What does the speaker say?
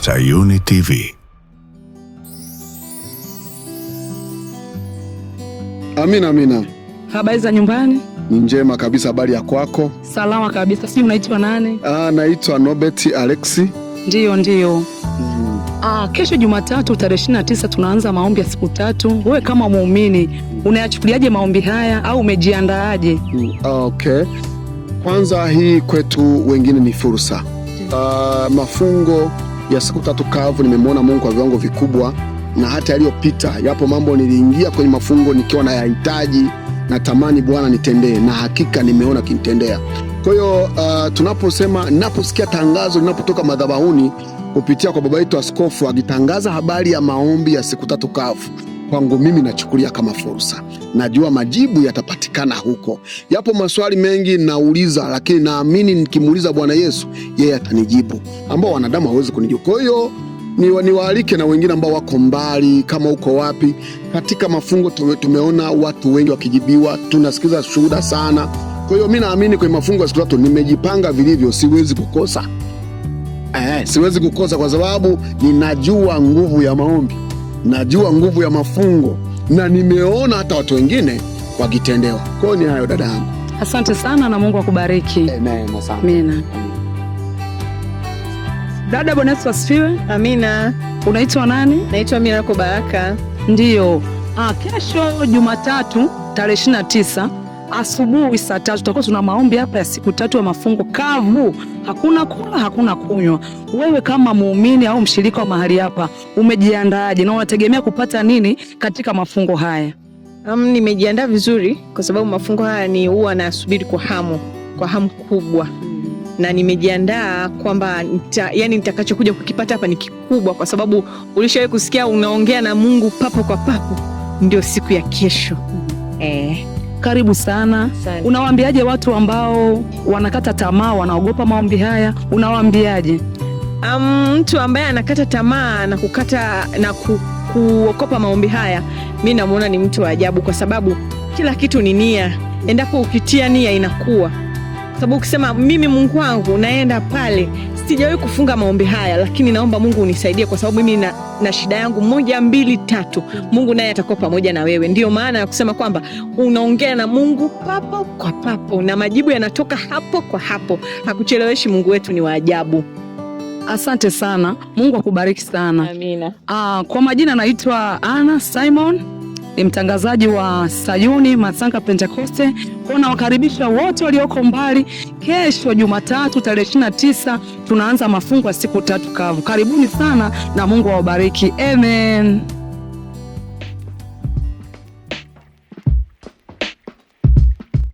Sayuni TV. Amina, amina. Habari za nyumbani? Ni njema kabisa, habari ya kwako? Salama kabisa. Sijui unaitwa nani? Ah, naitwa nobet Alexi. Ndiyo, ndiyo. Mm. Ah, kesho Jumatatu tarehe 29 tunaanza maombi ya siku tatu. Wewe kama muumini unayachukuliaje maombi haya au umejiandaaje? Mm. Ah, okay. Kwanza hii kwetu wengine ni fursa. Uh, mafungo ya siku tatu kavu nimemwona Mungu kwa viwango vikubwa, na hata yaliyopita yapo mambo niliingia kwenye mafungo nikiwa na yahitaji na tamani Bwana nitendee, na hakika nimeona kinitendea. Kwa hiyo uh, tunaposema naposikia tangazo linapotoka madhabahuni kupitia kwa baba yetu askofu akitangaza habari ya maombi ya siku tatu kavu kwangu mimi nachukulia kama fursa. Najua majibu yatapatikana huko. Yapo maswali mengi nauliza, lakini naamini nikimuuliza Bwana Yesu yeye atanijibu, ambao wanadamu hawezi kunijibu. Kwa hiyo niwaalike na wengine ambao wako mbali, kama uko wapi katika mafungo, tume, tumeona watu wengi wakijibiwa, tunasikiza shuhuda sana. Kwa hiyo mi naamini kwenye mafungo ya siku tatu nimejipanga vilivyo, siwezi kukosa eh, siwezi kukosa kwa sababu ninajua nguvu ya maombi najua nguvu ya mafungo na nimeona hata watu wengine wakitendewa. Kwayo ni hayo dada yangu, asante sana na Mungu akubariki. Amen, amina. Dada, Bwana Yesu asifiwe. Amina. Unaitwa nani? Naitwa Mirako Baraka. Ndiyo. Ah, kesho Jumatatu tarehe 29 asubuhi saa tatu tutakuwa tuna maombi hapa ya siku tatu ya mafungo kavu, hakuna kula, hakuna kunywa. Wewe kama muumini au mshirika wa mahali hapa umejiandaaje na unategemea kupata nini katika mafungo haya? Um, nimejiandaa vizuri kwa sababu mafungo haya ni huwa nayasubiri kwa hamu, kwa hamu kubwa na nimejiandaa kwamba nita, yani nitakachokuja kukipata hapa ni kikubwa, kwa sababu ulishawahi kusikia unaongea na Mungu papo kwa papo, ndio siku ya kesho eh. Karibu sana. Unawaambiaje watu ambao wanakata tamaa, wanaogopa maombi haya, unawaambiaje? Um, mtu ambaye anakata tamaa na kukata na ku, kuokopa maombi haya, mi namwona ni mtu wa ajabu, kwa sababu kila kitu ni nia. Endapo ukitia nia inakuwa, kwa sababu ukisema mimi Mungu wangu naenda pale sijawahi kufunga maombi haya, lakini naomba Mungu unisaidie, kwa sababu mimi na, na shida yangu moja mbili tatu. Mungu naye atakuwa pamoja na wewe. Ndiyo maana ya kusema kwamba unaongea na Mungu papo kwa papo na majibu yanatoka hapo kwa hapo. Hakucheleweshi. Mungu wetu ni wa ajabu. Asante sana, Mungu akubariki sana. Amina. Aa, ah, kwa majina naitwa Ana Simon ni mtangazaji wa Sayuni Masanga Pentekoste. Kwa nawakaribisha wote walioko mbali. Kesho Jumatatu tarehe 29 tunaanza mafungo ya siku tatu kavu. Karibuni sana na Mungu awabariki. Amen.